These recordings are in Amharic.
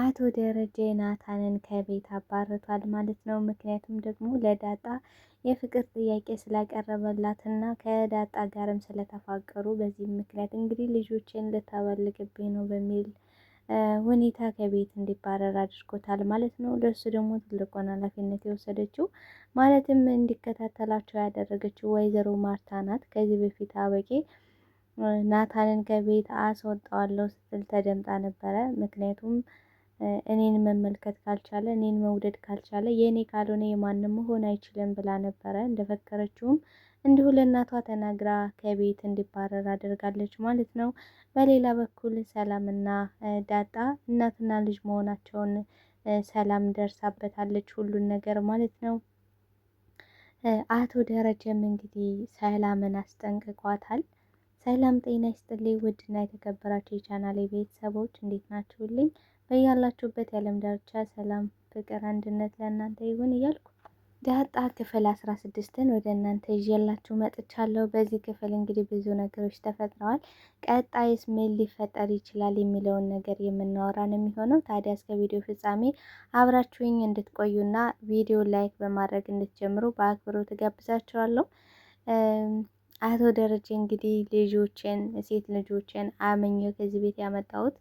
አቶ ደረጀ ናታንን ከቤት አባርቷል ማለት ነው። ምክንያቱም ደግሞ ለዳጣ የፍቅር ጥያቄ ስላቀረበላትና ከዳጣ ጋርም ስለተፋቀሩ በዚህ ምክንያት እንግዲህ ልጆችን ልታበልግብኝ ነው በሚል ሁኔታ ከቤት እንዲባረር አድርጎታል ማለት ነው። ለእሱ ደግሞ ትልቁን ኃላፊነት የወሰደችው ማለትም እንዲከታተላቸው ያደረገችው ወይዘሮ ማርታ ናት። ከዚህ በፊት አበቄ ናታንን ከቤት አስወጣዋለሁ ስትል ተደምጣ ነበረ። ምክንያቱም እኔን መመልከት ካልቻለ እኔን መውደድ ካልቻለ የእኔ ካልሆነ የማንም መሆን አይችልም ብላ ነበረ። እንደፈከረችውም እንዲሁ ለእናቷ ተናግራ ከቤት እንዲባረር አድርጋለች ማለት ነው። በሌላ በኩል ሰላምና ዳጣ እናትና ልጅ መሆናቸውን ሰላም ደርሳበታለች ሁሉን ነገር ማለት ነው። አቶ ደረጀም እንግዲህ ሰላምን አስጠንቅቋታል። ሰላም ጤና ይስጥልኝ ውድና የተከበራችሁ የቻናሌ ቤተሰቦች እንዴት ናችሁልኝ? በያላችሁበት የዓለም ዳርቻ ሰላም፣ ፍቅር፣ አንድነት ለእናንተ ይሁን እያልኩ ዳጣ ክፍል አስራ ስድስትን ወደ እናንተ ይዤላችሁ መጥቻለሁ። በዚህ ክፍል እንግዲህ ብዙ ነገሮች ተፈጥረዋል። ቀጣይስ ምን ሊፈጠር ይችላል የሚለውን ነገር የምናወራ ነው የሚሆነው። ታዲያ እስከ ቪዲዮ ፍጻሜ አብራችሁኝ እንድትቆዩና ቪዲዮ ላይክ በማድረግ እንድትጀምሩ በአክብሮት እጋብዛችኋለሁ። አቶ ደረጀ እንግዲህ ልጆችን ሴት ልጆችን አመኘው ከዚህ ቤት ያመጣሁት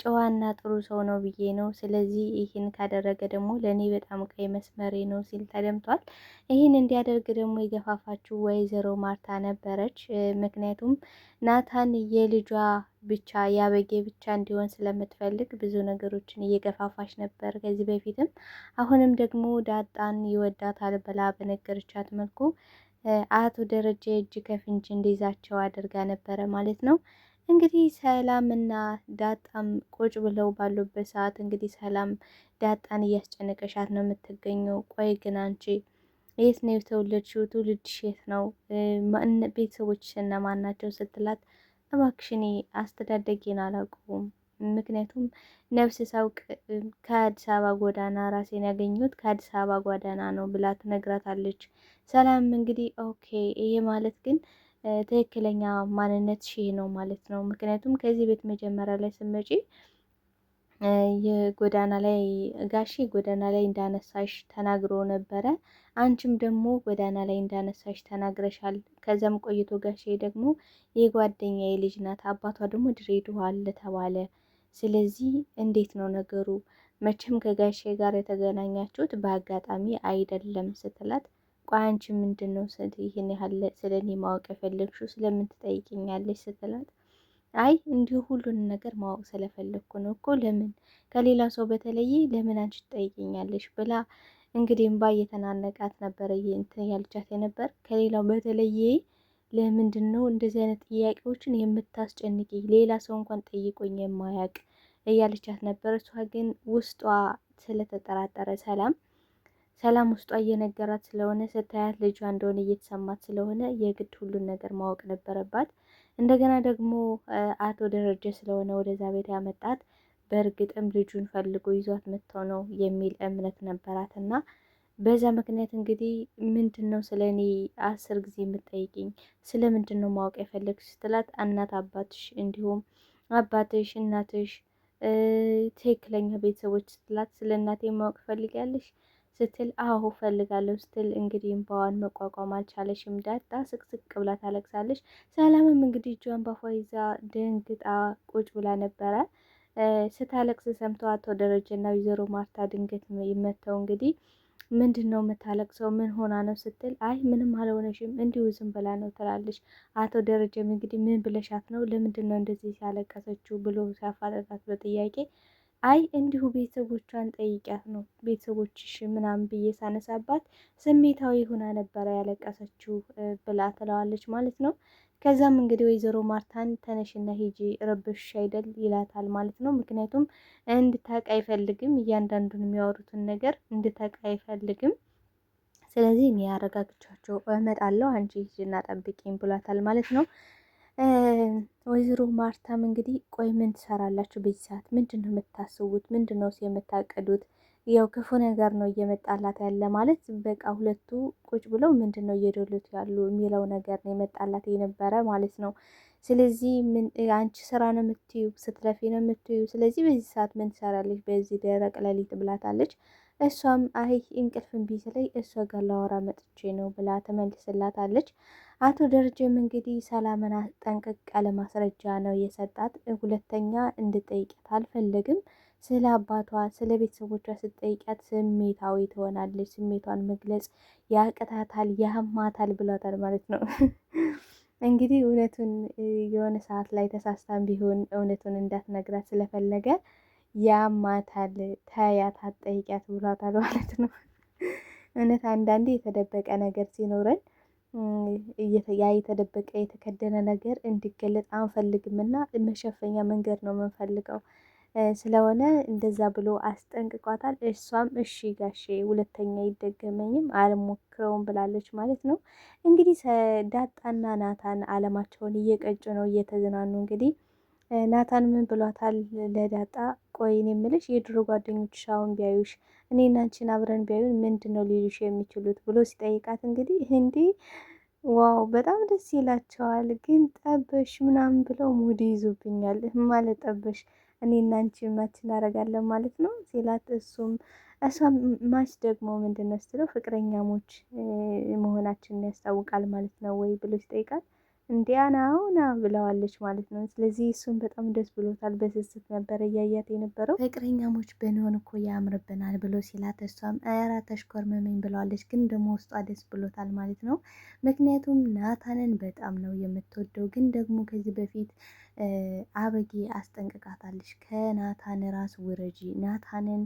ጨዋና ጥሩ ሰው ነው ብዬ ነው። ስለዚህ ይህን ካደረገ ደግሞ ለእኔ በጣም ቀይ መስመሬ ነው ሲል ተደምጧል። ይህን እንዲያደርግ ደግሞ የገፋፋችው ወይዘሮ ማርታ ነበረች። ምክንያቱም ናታን የልጇ ብቻ ያበጌ ብቻ እንዲሆን ስለምትፈልግ ብዙ ነገሮችን እየገፋፋች ነበር ከዚህ በፊትም። አሁንም ደግሞ ዳጣን ይወዳታል ብላ በነገረቻት መልኩ አቶ ደረጀ እጅ ከፍንጅ እንዲይዛቸው አድርጋ ነበረ ማለት ነው። እንግዲህ ሰላም እና ዳጣም ቁጭ ብለው ባሉበት ሰዓት እንግዲህ ሰላም ዳጣን እያስጨነቀሻት ነው የምትገኘው። ቆይ ግን አንቺ የት ነው የተወለድሽው? ትውልድሽ የት ነው? ቤተሰቦችሽ እነማን ናቸው? ስትላት እባክሽ አስተዳደጌን አላውቀውም። ምክንያቱም ነፍስ ሳውቅ ከአዲስ አበባ ጎዳና ራሴን ያገኘሁት ከአዲስ አበባ ጎዳና ነው ብላ ትነግራታለች። ሰላም እንግዲህ ኦኬ ይሄ ማለት ግን ትክክለኛ ማንነት ሺህ ነው ማለት ነው። ምክንያቱም ከዚህ ቤት መጀመሪያ ላይ ስመጪ የጎዳና ላይ ጋሼ ጎዳና ላይ እንዳነሳሽ ተናግሮ ነበረ። አንቺም ደግሞ ጎዳና ላይ እንዳነሳሽ ተናግረሻል። ከዚያም ቆይቶ ጋሺ ደግሞ የጓደኛ የልጅ ናት፣ አባቷ ደግሞ ድሬዳዋ አለ ተባለ። ስለዚህ እንዴት ነው ነገሩ? መቼም ከጋሼ ጋር የተገናኛችሁት በአጋጣሚ አይደለም ስትላት ቆይ አንቺ ምንድን ነው ይህን ያህል ስለ እኔ ማወቅ የፈለግሽው ስለምን ትጠይቅኛለች ስትላት አይ እንዲሁ ሁሉን ነገር ማወቅ ስለፈለግኩ ነው እኮ ለምን ከሌላ ሰው በተለየ ለምን አንቺ ትጠይቅኛለሽ ብላ እንግዲህ እምባ እየተናነቃት ነበረ እንትን ያልቻት የነበር ከሌላው በተለየ ለምንድን ነው እንደዚህ አይነት ጥያቄዎችን የምታስጨንቂ? ሌላ ሰው እንኳን ጠይቆኝ የማያውቅ እያለቻት ነበር እሷ ግን ውስጧ ስለተጠራጠረ ሰላም ሰላም ውስጧ እየነገራት ስለሆነ ስታያት ልጇ እንደሆነ እየተሰማት ስለሆነ የግድ ሁሉን ነገር ማወቅ ነበረባት። እንደገና ደግሞ አቶ ደረጀ ስለሆነ ወደዛ ቤት ያመጣት በእርግጥም ልጁን ፈልጎ ይዟት መጥተው ነው የሚል እምነት ነበራት እና በዛ ምክንያት እንግዲህ ምንድን ነው ስለ እኔ አስር ጊዜ የምጠይቅኝ ስለ ምንድን ነው ማወቅ የፈለግሽ ስትላት እናት አባትሽ፣ እንዲሁም አባትሽ፣ እናትሽ፣ ትክክለኛ ቤተሰቦች ስትላት ስለ እናቴ ማወቅ ፈልጋለሽ ስትል አሁ ፈልጋለሁ ስትል እንግዲህ እንባዋን መቋቋም አልቻለሽም። ዳጣ ስቅስቅ ብላ ታለቅሳለች። ሰላምም እንግዲህ እጇን ባፏ ይዛ ደንግጣ ቁጭ ብላ ነበረ። ስታለቅስ ሰምተው አቶ ደረጀና ወይዘሮ ማርታ ድንገት ይመተው እንግዲህ ምንድን ነው የምታለቅሰው? ምን ሆና ነው ስትል አይ ምንም አልሆነሽም እንዲሁ ዝም ብላ ነው ትላለች። አቶ ደረጀም እንግዲህ ምን ብለሻት ነው? ለምንድን ነው እንደዚህ ያለቀሰችው ብሎ ሲያፋጠጣት በጥያቄ አይ እንዲሁ ቤተሰቦቿን ጠይቂያት ነው ቤተሰቦችሽ ምናምን ብዬ ሳነሳባት ስሜታዊ ሆና ነበረ ያለቀሰችው ብላ ትለዋለች ማለት ነው። ከዛም እንግዲህ ወይዘሮ ማርታን ተነሽና ሂጂ ረብሽ አይደል ይላታል ማለት ነው። ምክንያቱም እንድታቅ አይፈልግም፣ እያንዳንዱን የሚያወሩትን ነገር እንድታቅ አይፈልግም። ስለዚህ እኔ አረጋግቻቸው እመጣለሁ፣ አንቺ ሂጂና ጠብቂኝ ብሏታል ማለት ነው። ወይዘሮ ማርታም እንግዲህ ቆይ ምን ትሰራላችሁ? በዚህ ሰዓት ምንድን ነው የምታስቡት? ምንድን ነው የምታቀዱት? ያው ክፉ ነገር ነው እየመጣላት ያለ ማለት በቃ ሁለቱ ቁጭ ብለው ምንድን ነው እየደሉት ያሉ የሚለው ነገር ነው የመጣላት የነበረ ማለት ነው። ስለዚህ አንቺ ስራ ነው የምትዩ፣ ስትለፊ ነው የምትዩ። ስለዚህ በዚህ ሰዓት ምን ትሰራለች በዚህ ደረቅ ሌሊት ብላታለች። እሷም አይ እንቅልፍ እምቢ እሷ ጋር ላወራ መጥቼ ነው ብላ ተመልስላታለች። አቶ ደረጀም እንግዲህ ሰላምን ጠንቅቅ ያለ ማስረጃ ነው የሰጣት። ሁለተኛ እንድጠይቀት አልፈለግም። ስለ አባቷ ስለ ቤተሰቦቿ ስጠይቂያት ስሜታዊ ትሆናለች፣ ስሜቷን መግለጽ ያቅታታል፣ ያማታል ብሏታል ማለት ነው። እንግዲህ እውነቱን የሆነ ሰዓት ላይ ተሳስታም ቢሆን እውነቱን እንዳትነግራት ስለፈለገ ያማታል፣ ተያት፣ አትጠይቂያት ብሏታል ማለት ነው። እውነት አንዳንዴ የተደበቀ ነገር ሲኖረን ያ የተደበቀ የተከደነ ነገር እንዲገለጥ አንፈልግም እና መሸፈኛ መንገድ ነው የምንፈልገው ስለሆነ እንደዛ ብሎ አስጠንቅቋታል። እሷም እሺ ጋሼ ሁለተኛ ይደገመኝም አልሞክረውም ብላለች ማለት ነው። እንግዲህ ዳጣና ናታን አለማቸውን እየቀጩ ነው እየተዝናኑ እንግዲህ ናታን ምን ብሏታል ለዳጣ? ቆይ እኔ የምልሽ የድሮ ጓደኞችሽ አሁን ቢያዩሽ እኔና አንቺን አብረን ቢያዩን ምንድን ነው ሊሉሽ የሚችሉት ብሎ ሲጠይቃት እንግዲህ ህንዲ ዋው በጣም ደስ ይላቸዋል፣ ግን ጠበሽ ምናምን ብለው ሙድ ይዙብኛል ማለት ጠበሽ እኔ እናንቺ ማች እናደርጋለን ማለት ነው ሲላት እሱም እሷ ማች ደግሞ ምንድን ነው ስትለው ፍቅረኛሞች መሆናችንን ያስታውቃል ማለት ነው ወይ ብሎ ሲጠይቃት እንዲያ ናው ና ብለዋለች ማለት ነው። ስለዚህ እሱም በጣም ደስ ብሎታል። በስስት ነበረ እያያት የነበረው ፍቅረኛሞች ብንሆን እኮ ያምርብናል ብሎ ሲላት እሷም ኧረ ተሽኮርመመኝ ብለዋለች። ግን ደግሞ ውስጧ ደስ ብሎታል ማለት ነው። ምክንያቱም ናታንን በጣም ነው የምትወደው። ግን ደግሞ ከዚህ በፊት አበጌ አስጠንቅቃታለች። ከናታን ራስ ውረጂ ናታንን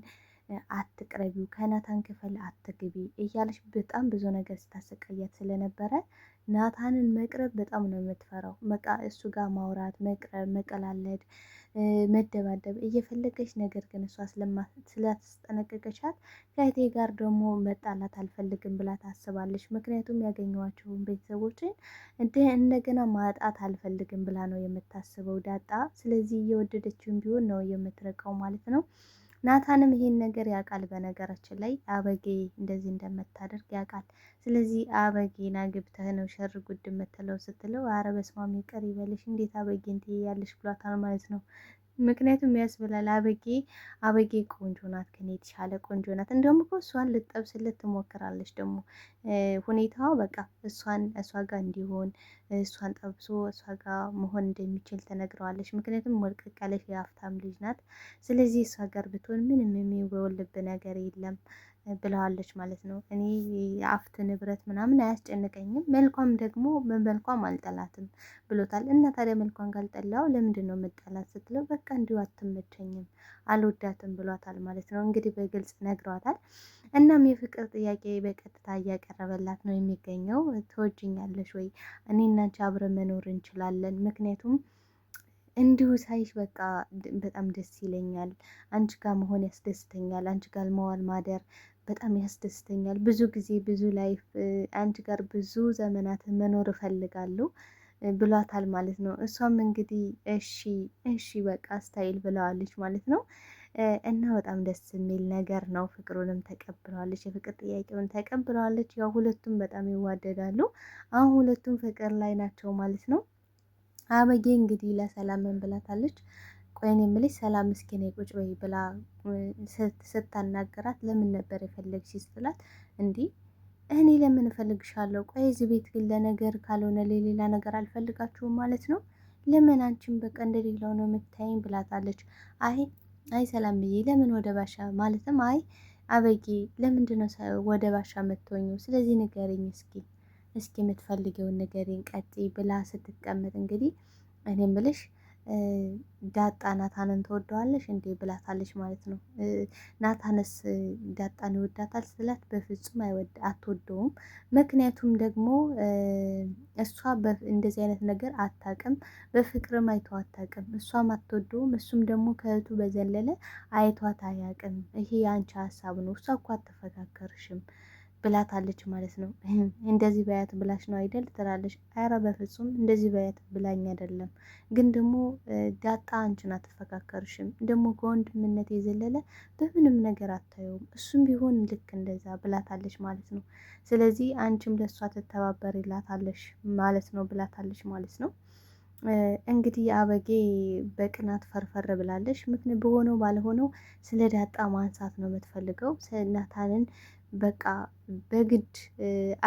አትቅረቢው፣ ከናታን ክፍል አትግቢ እያለች በጣም ብዙ ነገር ስታሰቃያት ስለነበረ ናታንን መቅረብ በጣም ነው የምትፈራው። በቃ እሱ ጋር ማውራት፣ መቅረብ፣ መቀላለድ፣ መደባደብ እየፈለገች ነገር ግን እሷ ስላስጠነቀቀቻት ከእቴ ጋር ደግሞ መጣላት አልፈልግም ብላ ታስባለች። ምክንያቱም ያገኘዋቸውን ቤተሰቦችን እንደገና ማጣት አልፈልግም ብላ ነው የምታስበው ዳጣ። ስለዚህ እየወደደችውን ቢሆን ነው የምትረቀው ማለት ነው። ናታንም ይሄን ነገር ያውቃል። በነገራችን ላይ አበጌ እንደዚህ እንደምታደርግ ያውቃል። ስለዚህ አበጌን አግብተህ ነው ሸር ጉድ የምትለው ስትለው አረ በስመ አብ ይቅር ይበልሽ እንዴት አበጌን ትያለሽ ብሏታል ማለት ነው። ምክንያቱም ያስብላል። አበጌ አበጌ ቆንጆ ናት፣ ከኔ የተሻለ ቆንጆ ናት። እንደውም እኮ እሷን ልጠብስለት ትሞክራለች። ደግሞ ሁኔታዋ በቃ እሷን እሷ ጋር እንዲሆን እሷን ጠብሶ እሷ ጋር መሆን እንደሚችል ተነግረዋለች። ምክንያቱም ወልቀቅ ያለች የሀብታም ልጅ ናት። ስለዚህ እሷ ጋር ብትሆን ምንም የሚወልብ ነገር የለም ብለዋለች ማለት ነው። እኔ የሀብት ንብረት ምናምን አያስጨንቀኝም፣ መልኳም ደግሞ መልኳም አልጠላትም ብሎታል። እና ታዲያ መልኳን ካልጠላው ለምንድን ነው ስትለው በቃ እንዲሁ አትመቸኝም አልወዳትም ብሏታል ማለት ነው። እንግዲህ በግልጽ ነግሯታል። እናም የፍቅር ጥያቄ በቀጥታ እያቀረበላት ነው የሚገኘው። ትወጅኛለሽ ወይ? እኔ እናንቺ አብረ አብረን መኖር እንችላለን። ምክንያቱም እንዲሁ ሳይሽ በቃ በጣም ደስ ይለኛል። አንቺ ጋር መሆን ያስደስተኛል። አንቺ ጋር መዋል ማደር በጣም ያስደስተኛል። ብዙ ጊዜ ብዙ ላይፍ አንቺ ጋር ብዙ ዘመናት መኖር እፈልጋለሁ። ብሏታል ማለት ነው። እሷም እንግዲህ እሺ እሺ በቃ ስታይል ብለዋለች ማለት ነው። እና በጣም ደስ የሚል ነገር ነው። ፍቅሩንም ተቀብለዋለች፣ የፍቅር ጥያቄውን ተቀብለዋለች። ያው ሁለቱም በጣም ይዋደዳሉ። አሁን ሁለቱም ፍቅር ላይ ናቸው ማለት ነው። አበጌ እንግዲህ ለሰላም ምን ብላታለች? ቆይን የምልሽ ሰላም እስኪኔ ቁጭ በይ ብላ ስታናገራት ለምን ነበር የፈለግሽ ስትላት እንዲህ እኔ ለምን እፈልግሻለሁ? ቆይ እዚህ ቤት ግን ለነገር ካልሆነ ለሌላ ነገር አልፈልጋችሁም ማለት ነው። ለምን አንቺን በቃ እንደሌላው ነው የምታይኝ ብላታለች። አይ አይ ሰላምዬ ለምን ወደ ባሻ ማለትም አይ አበጌ ለምንድን ነው ወደ ባሻ መቶኝ? ስለዚህ ንገሪኝ እስኪ እስኪ የምትፈልገውን ንገሪኝ ቀጤ ብላ ስትቀመጥ እንግዲህ እኔ ምልሽ ዳጣ ናታንን ትወደዋለሽ እንዴ ብላታለች ማለት ነው። ናታንስ ዳጣን ይወዳታል ስላት በፍጹም አይወድ አትወደውም። ምክንያቱም ደግሞ እሷ እንደዚህ አይነት ነገር አታቅም፣ በፍቅርም አይተው አታቅም። እሷም አትወደውም፣ እሱም ደግሞ ከእህቱ በዘለለ አይቷት አያቅም። ይሄ የአንቺ ሀሳብ ነው፣ እሷ እኮ አትፈካከርሽም ብላታለች ማለት ነው። እንደዚህ በያት ብላሽ ነው አይደል ትላለች። ኧረ በፍጹም እንደዚህ በያት ብላኝ አይደለም፣ ግን ደግሞ ዳጣ አንቺን አትፈካከርሽም፣ ደግሞ ከወንድምነት የዘለለ በምንም ነገር አታየውም፣ እሱም ቢሆን ልክ እንደዛ ብላታለች ማለት ነው። ስለዚህ አንቺም ለእሷ ትተባበር ይላታለሽ ማለት ነው ብላታለች ማለት ነው። እንግዲህ አበጌ በቅናት ፈርፈር ብላለች። ምክንያት በሆነው ባልሆነው ስለ ዳጣ ማንሳት ነው የምትፈልገው ናታንን በቃ በግድ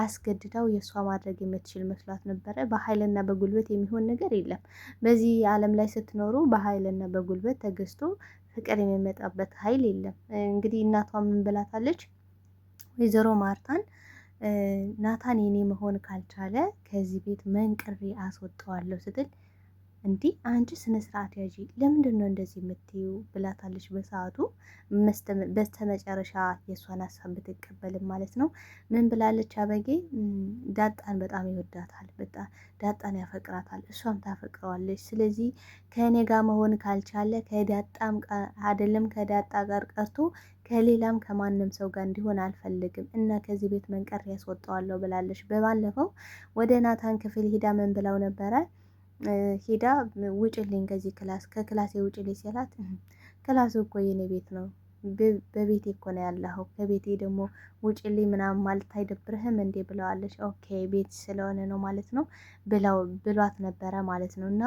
አስገድዳው የእሷ ማድረግ የምትችል መስሏት ነበረ። በኃይልና በጉልበት የሚሆን ነገር የለም። በዚህ ዓለም ላይ ስትኖሩ በኃይልና በጉልበት ተገዝቶ ፍቅር የሚመጣበት ኃይል የለም። እንግዲህ እናቷ ምን ብላታለች? ወይዘሮ ማርታን ናታን የኔ መሆን ካልቻለ ከዚህ ቤት መንቅሬ አስወጠዋለሁ ስትል እንዲህ አንቺ ስነ ስርዓት ያዢ ለምንድን ነው እንደዚህ የምትዩ ብላታለች። በሰዓቱ በስተመጨረሻ የእሷን ሀሳብ ብትቀበልም ማለት ነው። ምን ብላለች? አበጌ ዳጣን በጣም ይወዳታል፣ በጣም ዳጣን ያፈቅራታል፣ እሷም ታፈቅረዋለች። ስለዚህ ከእኔ ጋር መሆን ካልቻለ ከዳጣም አይደለም ከዳጣ ጋር ቀርቶ ከሌላም ከማንም ሰው ጋር እንዲሆን አልፈልግም እና ከዚህ ቤት መንቀር ያስወጣዋለሁ ብላለች። በባለፈው ወደ ናታን ክፍል ሂዳ ምን ብላው ነበረ? ሂዳ ውጭልኝ ከዚህ ክላስ ከክላሴ ውጭልኝ ሲላት፣ ክላሱ እኮ የኔ ቤት ነው፣ በቤቴ እኮ ነው ያለሁ ከቤቴ ደግሞ ውጭልኝ ምናምን ማለት አይደብርህም እንዴ ብለዋለች። ኦኬ ቤት ስለሆነ ነው ማለት ነው ብለው ብሏት ነበረ ማለት ነው። እና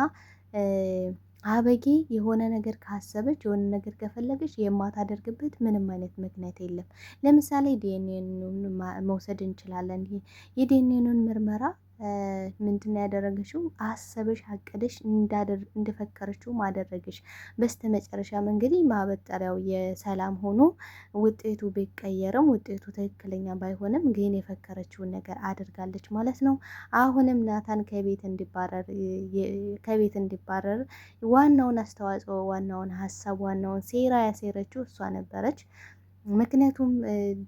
አበጌ የሆነ ነገር ካሰበች የሆነ ነገር ከፈለገች የማታደርግበት ምንም አይነት ምክንያት የለም። ለምሳሌ ዲኤንኤን መውሰድ እንችላለን። የዲኤንኤን ምርመራ ምንድነው ያደረገችው? አሰበሽ አቅደሽ እንደፈከረችው አደረገሽ። በስተመጨረሻም እንግዲህ ማበጠሪያው የሰላም ሆኖ ውጤቱ ቢቀየርም ውጤቱ ትክክለኛ ባይሆንም ግን የፈከረችውን ነገር አድርጋለች ማለት ነው። አሁንም ናታን ከቤት እንዲባረር ከቤት እንዲባረር ዋናውን አስተዋጽኦ፣ ዋናውን ሀሳብ፣ ዋናውን ሴራ ያሴረችው እሷ ነበረች። ምክንያቱም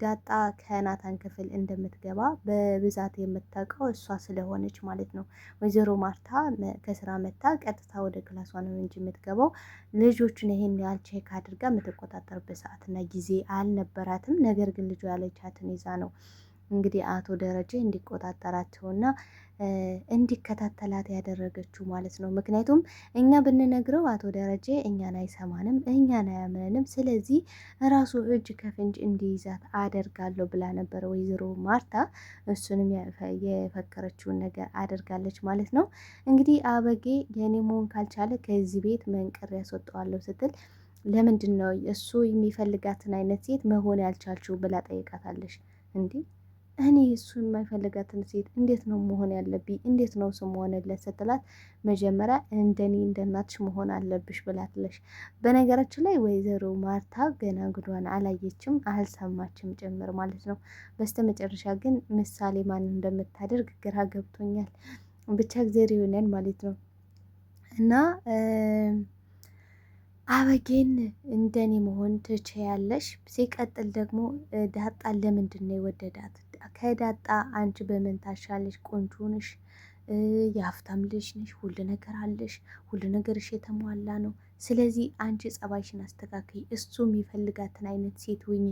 ዳጣ ከናታን ክፍል እንደምትገባ በብዛት የምታውቀው እሷ ስለሆነች ማለት ነው። ወይዘሮ ማርታ ከስራ መታ ቀጥታ ወደ ክላሷ ነው እንጂ የምትገባው ልጆቹን ይሄን ያህል ቼክ አድርጋ የምትቆጣጠርበት ሰዓትና ጊዜ አልነበራትም። ነገር ግን ልጁ ያለቻትን ይዛ ነው እንግዲህ አቶ ደረጀ እንዲቆጣጠራቸውና እንዲከታተላት ያደረገችው ማለት ነው። ምክንያቱም እኛ ብንነግረው አቶ ደረጀ እኛን አይሰማንም፣ እኛን አያምነንም። ስለዚህ ራሱ እጅ ከፍንጅ እንዲይዛት አደርጋለሁ ብላ ነበረ ወይዘሮ ማርታ። እሱንም የፈከረችውን ነገር አደርጋለች ማለት ነው። እንግዲህ አበጌ የኔ መሆን ካልቻለ ከዚህ ቤት መንቅር ያስወጠዋለሁ ስትል ለምንድን ነው እሱ የሚፈልጋትን አይነት ሴት መሆን ያልቻልችው ብላ ጠይቃታለች እንዲህ እኔ እሱ የማይፈልጋትን ሴት እንዴት ነው መሆን ያለብኝ? እንዴት ነው ስም ሆነለት ስትላት መጀመሪያ እንደኔ እንደናትሽ መሆን አለብሽ ብላትለሽ። በነገራችን ላይ ወይዘሮ ማርታ ገና ግዷን አላየችም አልሰማችም ጭምር ማለት ነው። በስተ መጨረሻ ግን ምሳሌ ማን እንደምታደርግ ግራ ገብቶኛል። ብቻ እግዜር ይሆናል ማለት ነው እና አበጌን እንደኔ መሆን ትችያለሽ። ሲቀጥል ደግሞ ዳጣን ለምንድን ነው የወደዳት? ከዳጣ አንቺ በምን ታሻለሽ? ቆንጆ ነሽ፣ የሀብታም ልጅ ነሽ፣ ሁሉ ነገር አለሽ፣ ሁሉ ነገርሽ የተሟላ ነው። ስለዚህ አንቺ ጸባይሽን አስተካክይ፣ እሱ የሚፈልጋትን አይነት ሴት ሁኚ።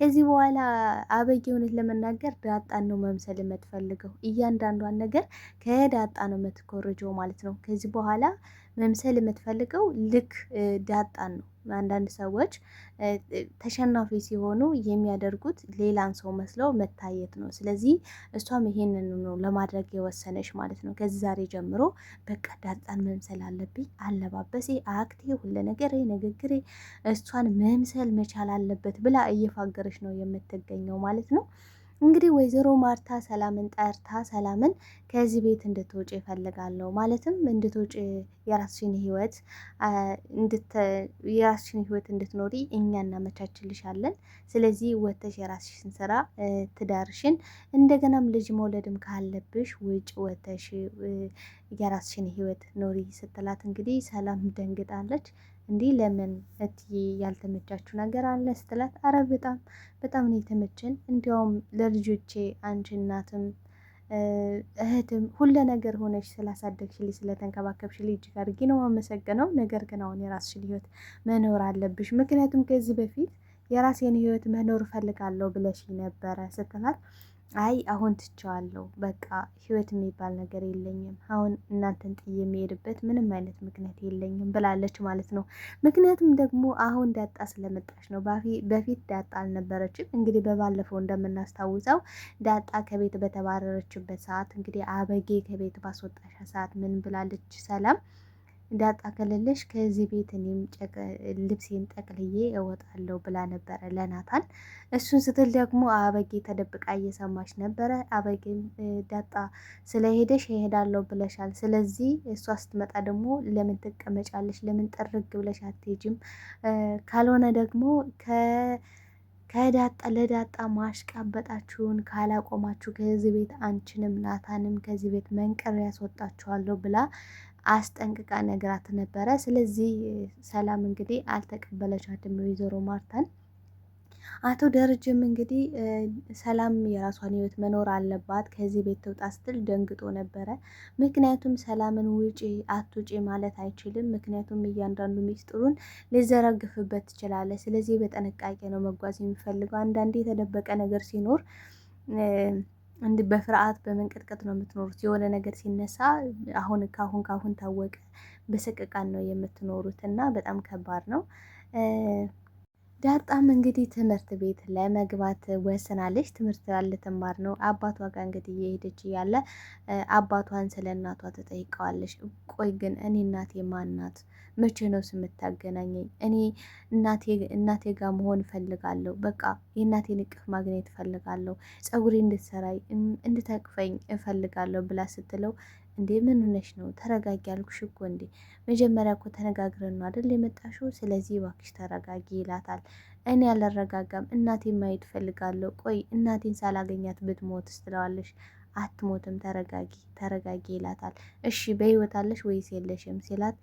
ከዚህ በኋላ አበጌ እውነት ለመናገር ዳጣን ነው መምሰል የምትፈልገው። እያንዳንዷን ነገር ከዳጣ ነው የምትኮርጀው ማለት ነው ከዚህ በኋላ መምሰል የምትፈልገው ልክ ዳጣን ነው። አንዳንድ ሰዎች ተሸናፊ ሲሆኑ የሚያደርጉት ሌላን ሰው መስለው መታየት ነው። ስለዚህ እሷም ይሄንን ነው ለማድረግ የወሰነች ማለት ነው። ከዚህ ዛሬ ጀምሮ በቃ ዳጣን መምሰል አለብኝ፣ አለባበሴ፣ አክቴ፣ ሁለ ነገሬ፣ ንግግሬ እሷን መምሰል መቻል አለበት ብላ እየፋገረች ነው የምትገኘው ማለት ነው። እንግዲህ ወይዘሮ ማርታ ሰላምን ጠርታ ሰላምን ከዚህ ቤት እንድትውጭ ይፈልጋለሁ ማለትም እንድትውጭ የራስሽን ህይወት የራስሽን ህይወት እንድትኖሪ እኛ እናመቻችልሻለን። ስለዚህ ወተሽ የራስሽን ስራ፣ ትዳርሽን፣ እንደገናም ልጅ መውለድም ካለብሽ ውጭ ወተሽ የራስሽን ህይወት ኖሪ ስትላት እንግዲህ ሰላም ደንግጣለች። እንዲህ ለምን እትዬ ያልተመቻችሁ ነገር አለ ስትላት፣ አረ በጣም በጣም ነው የተመቸን። እንዲያውም ለልጆቼ አንቺ እናትም እህትም ሁለ ነገር ሆነሽ ስላሳደግሽልኝ ስለተንከባከብሽልኝ እጅግ አድርጌ ነው የማመሰግነው። ነገር ግን አሁን የራስሽን ህይወት መኖር አለብሽ፣ ምክንያቱም ከዚህ በፊት የራሴን ህይወት መኖር እፈልጋለሁ ብለሽ ነበረ ስትላት አይ አሁን ትቸዋለሁ፣ በቃ ህይወት የሚባል ነገር የለኝም፣ አሁን እናንተን ጥዬ የሚሄድበት ምንም አይነት ምክንያት የለኝም ብላለች ማለት ነው። ምክንያቱም ደግሞ አሁን ዳጣ ስለመጣች ነው። በፊት ዳጣ አልነበረችም። እንግዲህ በባለፈው እንደምናስታውሰው ዳጣ ከቤት በተባረረችበት ሰዓት እንግዲህ አበጌ ከቤት ባስወጣሻ ሰዓት ምን ብላለች ሰላም ዳጣ ከሌለሽ ከዚህ ቤት እኔም ልብሴን ጠቅልዬ እወጣለሁ ብላ ነበረ ለናታን። እሱን ስትል ደግሞ አበጌ ተደብቃ እየሰማች ነበረ። አበጌም ዳጣ ስለሄደሽ እሄዳለሁ ብለሻል፣ ስለዚህ እሷ ስትመጣ ደግሞ ለምን ትቀመጫለሽ? ለምን ጠርግ ብለሽ አትሄጂም? ካልሆነ ደግሞ ከ ከዳጣ ለዳጣ ማሽቃበጣችሁን ካላቆማችሁ ከዚህ ቤት አንቺንም ናታንም ከዚህ ቤት መንቀር ያስወጣችኋለሁ ብላ አስጠንቅቃ ነግራት ነበረ። ስለዚህ ሰላም እንግዲህ አልተቀበለቻትም ወይዘሮ ማርታን። አቶ ደረጀም እንግዲህ ሰላም የራሷን ህይወት መኖር አለባት ከዚህ ቤት ትውጣ ስትል ደንግጦ ነበረ። ምክንያቱም ሰላምን ውጪ አትውጪ ማለት አይችልም። ምክንያቱም እያንዳንዱ ሚስጥሩን ልዘረግፍበት ትችላለች። ስለዚህ በጥንቃቄ ነው መጓዝ የሚፈልገው። አንዳንዴ የተደበቀ ነገር ሲኖር እንዲህ በፍርሃት በመንቀጥቀጥ ነው የምትኖሩት። የሆነ ነገር ሲነሳ አሁን ካሁን ካሁን ታወቀ በሰቀቃን ነው የምትኖሩት እና በጣም ከባድ ነው። ዳጣም እንግዲህ ትምህርት ቤት ለመግባት ወስናለች። ትምህርት ልትማር ነው። አባቷ ጋር እንግዲህ እየሄደች እያለ አባቷን ስለ እናቷ ትጠይቀዋለች። ቆይ ግን እኔ እናቴ ማን ናት? መቼ ነው ስምታገናኘኝ? እኔ እናቴ ጋር መሆን እፈልጋለሁ። በቃ የእናቴን እቅፍ ማግኘት እፈልጋለሁ። ፀጉሬ እንድትሰራይ እንድታቅፈኝ እፈልጋለሁ ብላ ስትለው እንዴ ምን ሆነሽ ነው? ተረጋጊ ያልኩሽ እኮ እንዴ። መጀመሪያ እኮ ተነጋግረን ነው አይደል የመጣሽው? ስለዚህ እባክሽ ተረጋጊ ይላታል። እኔ አላረጋጋም፣ እናቴን ማየት እፈልጋለሁ። ቆይ እናቴን ሳላገኛት ብትሞት ስትለዋለሽ አትሞትም፣ ተረጋጊ ተረጋጊ ይላታል። እሺ በህይወት አለሽ ወይስ የለሽም ሲላት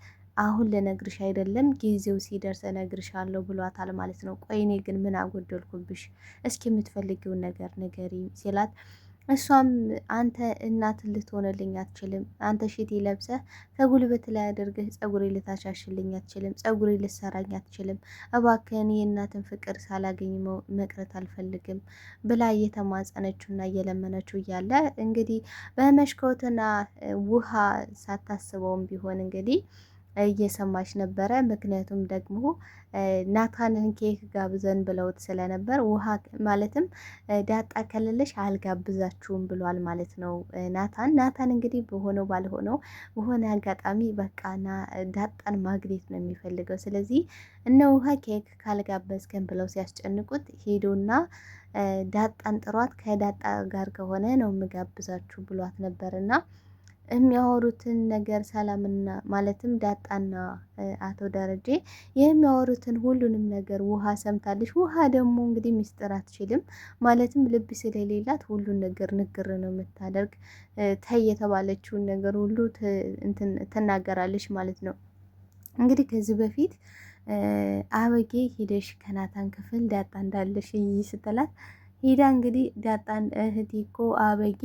አሁን ልነግርሽ አይደለም ጊዜው ሲደርስ እነግርሻለሁ ብሏታል ማለት ነው። ቆይ እኔ ግን ምን አጎደልኩብሽ? እስኪ የምትፈልጊውን ነገር ንገሪ ሲላት እሷም አንተ እናት ልትሆንልኝ አትችልም። አንተ ሽቲ ለብሰህ ከጉልበት ላይ አድርገህ ጸጉሬ ልታሻሽልኝ አትችልም። ጸጉሬ ልትሰራኝ አትችልም። እባክህን የእናትን ፍቅር ሳላገኝ መቅረት አልፈልግም ብላ እየተማጸነችውና እየለመነችው እያለ እንግዲህ በመሽኮትና ውሃ ሳታስበውም ቢሆን እንግዲህ እየሰማች ነበረ። ምክንያቱም ደግሞ ናታንን ኬክ ጋብዘን ብለውት ስለነበር ውሃ ማለትም ዳጣ ከሌለሽ አልጋብዛችሁም ብሏል ማለት ነው ናታን። ናታን እንግዲህ በሆነው ባልሆነው በሆነ አጋጣሚ በቃና ዳጣን ማግኘት ነው የሚፈልገው። ስለዚህ እነ ውሃ ኬክ ካልጋበዝከን ብለው ሲያስጨንቁት ሄዶና ዳጣን ጥሯት፣ ከዳጣ ጋር ከሆነ ነው የምጋብዛችሁ ብሏት ነበርና የሚያወሩትን ነገር ሰላምና ማለትም ዳጣና አቶ ደረጀ የሚያወሩትን ሁሉንም ነገር ውሃ ሰምታለች። ውሃ ደግሞ እንግዲህ ሚስጥር አትችልም፣ ማለትም ልብ ስለሌላት ሁሉን ነገር ንግር ነው የምታደርግ። ተይ የተባለችውን ነገር ሁሉ ትናገራለች ማለት ነው። እንግዲህ ከዚህ በፊት አበጌ ሂደሽ ከናታን ክፍል ዳጣ እንዳለሽ እይ ስትላት ሂዳ እንግዲህ ዳጣን እህቴ እኮ አበጌ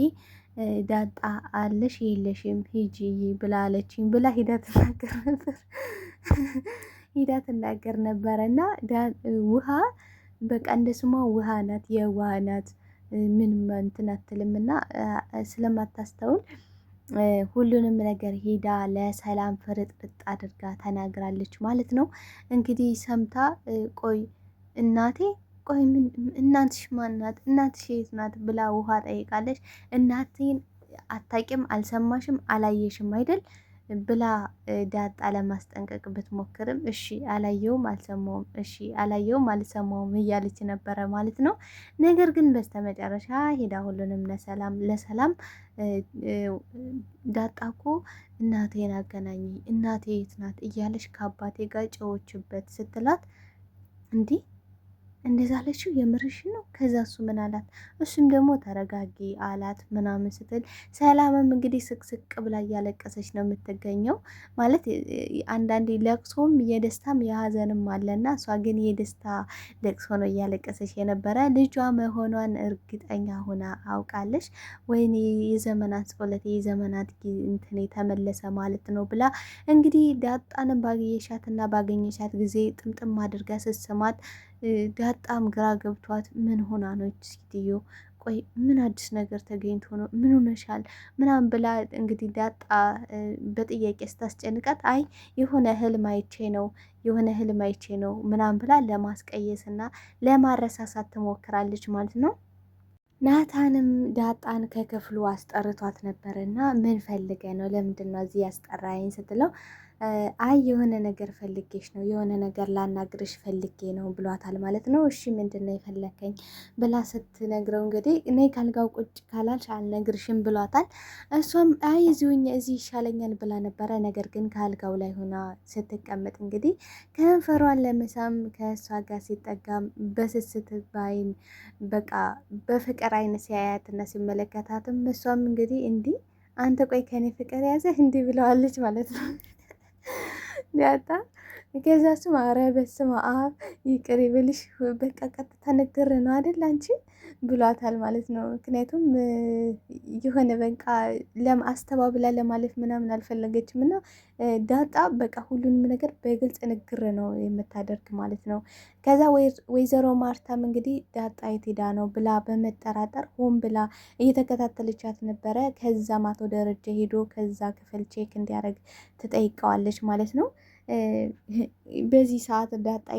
ዳጣ አለሽ የለሽም ሂጂ ብላለችኝ ብላ ሂዳ ትናገር ነበር ሂዳ ትናገር ነበረ እና ውሃ በቃ እንደ ስሟ ውሃ ናት፣ የውሃ ናት ምን እንትን አትልም እና ስለማታስተውል ሁሉንም ነገር ሄዳ ለሰላም ፍርጥርጥ አድርጋ ተናግራለች ማለት ነው። እንግዲህ ሰምታ ቆይ እናቴ ቆይ ምን እናትሽ ማናት? እናትሽ የት ናት ብላ ውሃ ጠይቃለች። እናቴን አታቂም፣ አልሰማሽም፣ አላየሽም አይደል ብላ ዳጣ ለማስጠንቀቅ ብትሞክርም እሺ አላየውም አልሰማውም፣ እሺ አላየውም አልሰማውም እያለች ነበረ ማለት ነው። ነገር ግን በስተመጨረሻ ሄዳ ሁሉንም ለሰላም ለሰላም ዳጣ እኮ እናቴን አገናኝ እናቴ የት ናት እያለች ከአባቴ ጋር ጨዎችበት ስትላት እንዲህ እንደዛ አለችው፣ የምርሽ ነው? ከዛ እሱ ምን አላት? እሱም ደግሞ ተረጋጊ አላት ምናምን ስትል ሰላምም እንግዲህ ስቅስቅ ብላ እያለቀሰች ነው የምትገኘው። ማለት አንዳንዴ ለቅሶም የደስታም የሀዘንም አለና እሷ ግን የደስታ ለቅሶ ነው እያለቀሰች የነበረ ልጇ መሆኗን እርግጠኛ ሆና አውቃለች። ወይኔ የዘመናት ጸሎቴ የዘመናት እንትን የተመለሰ ማለት ነው ብላ እንግዲህ ዳጣንም ባገኘሻት ባገኘሻት ጊዜ ጥምጥም አድርጋ ስትስማት ዳጣም ግራ ገብቷት ምን ሆና ነው እች ሴትዮ? ቆይ ምን አዲስ ነገር ተገኝቶ ነው? ምን ሆነሻል? ምናምን ብላ እንግዲህ ዳጣ በጥያቄ ስታስጨንቃት አይ የሆነ ህልም አይቼ ነው የሆነ ህልም አይቼ ነው ምናምን ብላ ለማስቀየስ እና ለማረሳሳት ትሞክራለች ማለት ነው። ናታንም ዳጣን ከክፍሉ አስጠርቷት ነበር እና ምን ፈልገ ነው ለምንድን ነው እዚህ ያስጠራኝ ስትለው አይ የሆነ ነገር ፈልጌሽ ነው የሆነ ነገር ላናግርሽ ፈልጌ ነው ብሏታል ማለት ነው። እሺ ምንድን ነው የፈለከኝ ብላ ስትነግረው እንግዲህ እኔ ካልጋው ቁጭ ካላልሽ አልነግርሽም ብሏታል። እሷም አይ እዚሁኛ እዚህ ይሻለኛል ብላ ነበረ። ነገር ግን ከአልጋው ላይ ሆና ስትቀመጥ እንግዲህ ከንፈሯን ለመሳም ከእሷ ጋር ሲጠጋ በስስት ባይን በቃ በፍቅር አይነት ሲያያትና ሲመለከታትም እሷም እንግዲህ እንዲህ አንተ ቆይ ከኔ ፍቅር ያዘህ እንዲህ ብለዋለች ማለት ነው። जाता ከዛ ስም አረ በስመ አብ ይቅር ይበልሽ፣ በቃ ቀጥታ ነገር ነው አይደል አንቺ ብሏታል ማለት ነው። ምክንያቱም የሆነ በቃ አስተባብላ ለማለፍ ምናምን አልፈለገችም እና ዳጣ በቃ ሁሉንም ነገር በግልጽ ንግር ነው የምታደርግ ማለት ነው። ከዛ ወይዘሮ ማርታም እንግዲህ ዳጣ የት ሄዳ ነው ብላ በመጠራጠር ሆን ብላ እየተከታተለቻት ነበረ። ከዛም አቶ ደረጀ ሄዶ ከዛ ክፍል ቼክ እንዲያደርግ ትጠይቀዋለች ማለት ነው። በዚህ ሰዓት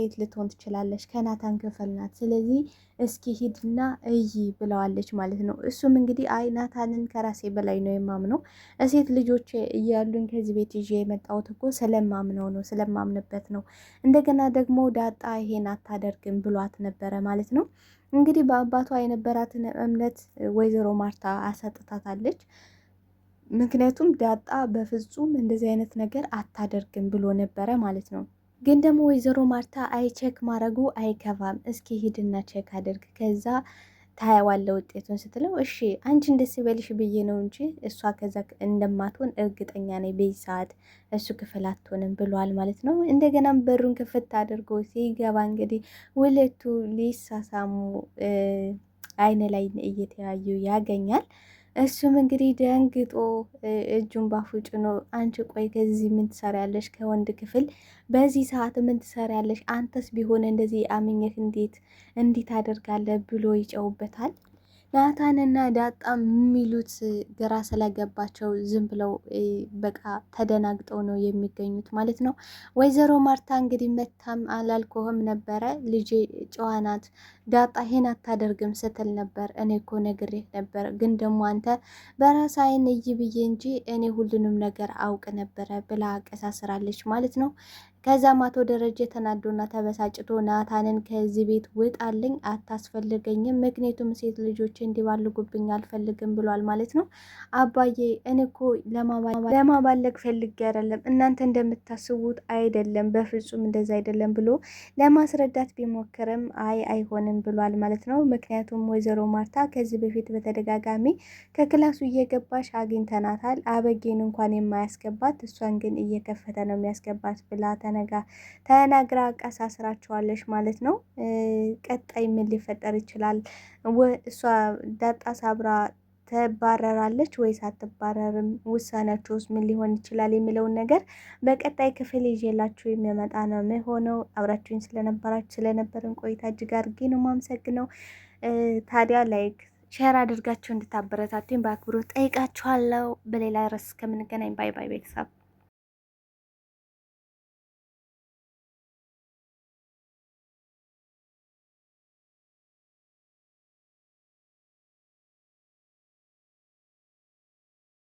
የት ልትሆን ትችላለች ከናታን ክፍል ናት። ስለዚህ እስኪ ሂድና እይ ብለዋለች ማለት ነው። እሱም እንግዲህ አይ ናታንን ከራሴ በላይ ነው የማምነው። እሴት ልጆች እያሉን ከዚህ ቤት ይዤ የመጣሁት እኮ ስለማምነው ነው ስለማምንበት ነው። እንደገና ደግሞ ዳጣ ይሄን አታደርግም ብሏት ነበረ ማለት ነው። እንግዲህ በአባቷ የነበራትን እምነት ወይዘሮ ማርታ አሳጥታታለች። ምክንያቱም ዳጣ በፍጹም እንደዚህ አይነት ነገር አታደርግም ብሎ ነበረ ማለት ነው። ግን ደግሞ ወይዘሮ ማርታ አይ ቼክ ማድረጉ አይከፋም፣ እስኪ ሂድና ቼክ አድርግ ከዛ ታያዋለ ውጤቱን ስትለው፣ እሺ አንቺ እንደስ በልሽ ብዬ ነው እንጂ እሷ ከዛ እንደማትሆን እርግጠኛ ነኝ። በይ ሰዓት እሱ ክፍል አትሆንም ብሏል ማለት ነው። እንደገናም በሩን ክፍት አድርጎ ሲገባ እንግዲህ ሁለቱ ሊሳሳሙ አይነ ላይ እየተያዩ ያገኛል። እሱም እንግዲህ ደንግጦ እጁን ባፉ ጭኖ አንቺ ቆይ ከዚህ ምን ትሰሪያለሽ? ከወንድ ክፍል በዚህ ሰዓት ምን ትሰሪያለሽ? አንተስ ቢሆን እንደዚህ አምኘት እንዴት እንዲት አደርጋለ ብሎ ይጨውበታል። ናታንና ዳጣ የሚሉት ግራ ስለገባቸው ዝም ብለው በቃ ተደናግጠው ነው የሚገኙት ማለት ነው። ወይዘሮ ማርታ እንግዲህ መታም አላልኮህም ነበረ ልጄ ጨዋ ናት ዳጣ ይሄን አታደርግም ስትል ነበር። እኔ እኮ ነግሬህ ነበር፣ ግን ደግሞ አንተ በራስ አይን እይ ብዬ እንጂ እኔ ሁሉንም ነገር አውቅ ነበረ ብላ አቀሳስራለች ማለት ነው። ከዛም አቶ ደረጀ ተናዶና ተበሳጭቶ ናታንን ከዚህ ቤት ውጣልኝ፣ አታስፈልገኝም፣ ምክንያቱም ሴት ልጆች እንዲባልጉብኝ አልፈልግም ብሏል ማለት ነው። አባዬ እኔ እኮ ለማባለግ ፈልጌ አይደለም፣ እናንተ እንደምታስቡት አይደለም፣ በፍጹም እንደዛ አይደለም ብሎ ለማስረዳት ቢሞክርም አይ አይሆንም ብሏል ማለት ነው። ምክንያቱም ወይዘሮ ማርታ ከዚህ በፊት በተደጋጋሚ ከክላሱ እየገባሽ አግኝተናታል፣ አበጌን እንኳን የማያስገባት እሷን ግን እየከፈተ ነው የሚያስገባት ብላተ ተነግራ አቀሳስራቸዋለች ማለት ነው። ቀጣይ ምን ሊፈጠር ይችላል? እሷ ዳጣ ሳብራ ትባረራለች ወይስ አትባረርም? ውሳኔያቸውስ ምን ሊሆን ይችላል የሚለውን ነገር በቀጣይ ክፍል ይዤላችሁ የሚመጣ ነው የሚሆነው። አብራችሁኝ ስለነበራችሁ ስለነበርን ቆይታ እጅግ አድርጌ ነው ማመሰግነው። ታዲያ ላይክ ሼር አድርጋችሁ እንድታበረታቱኝ በአክብሮት ጠይቃችኋለሁ። በሌላ ርዕስ እስከምንገናኝ ባይ ባይ ቤተሰብ።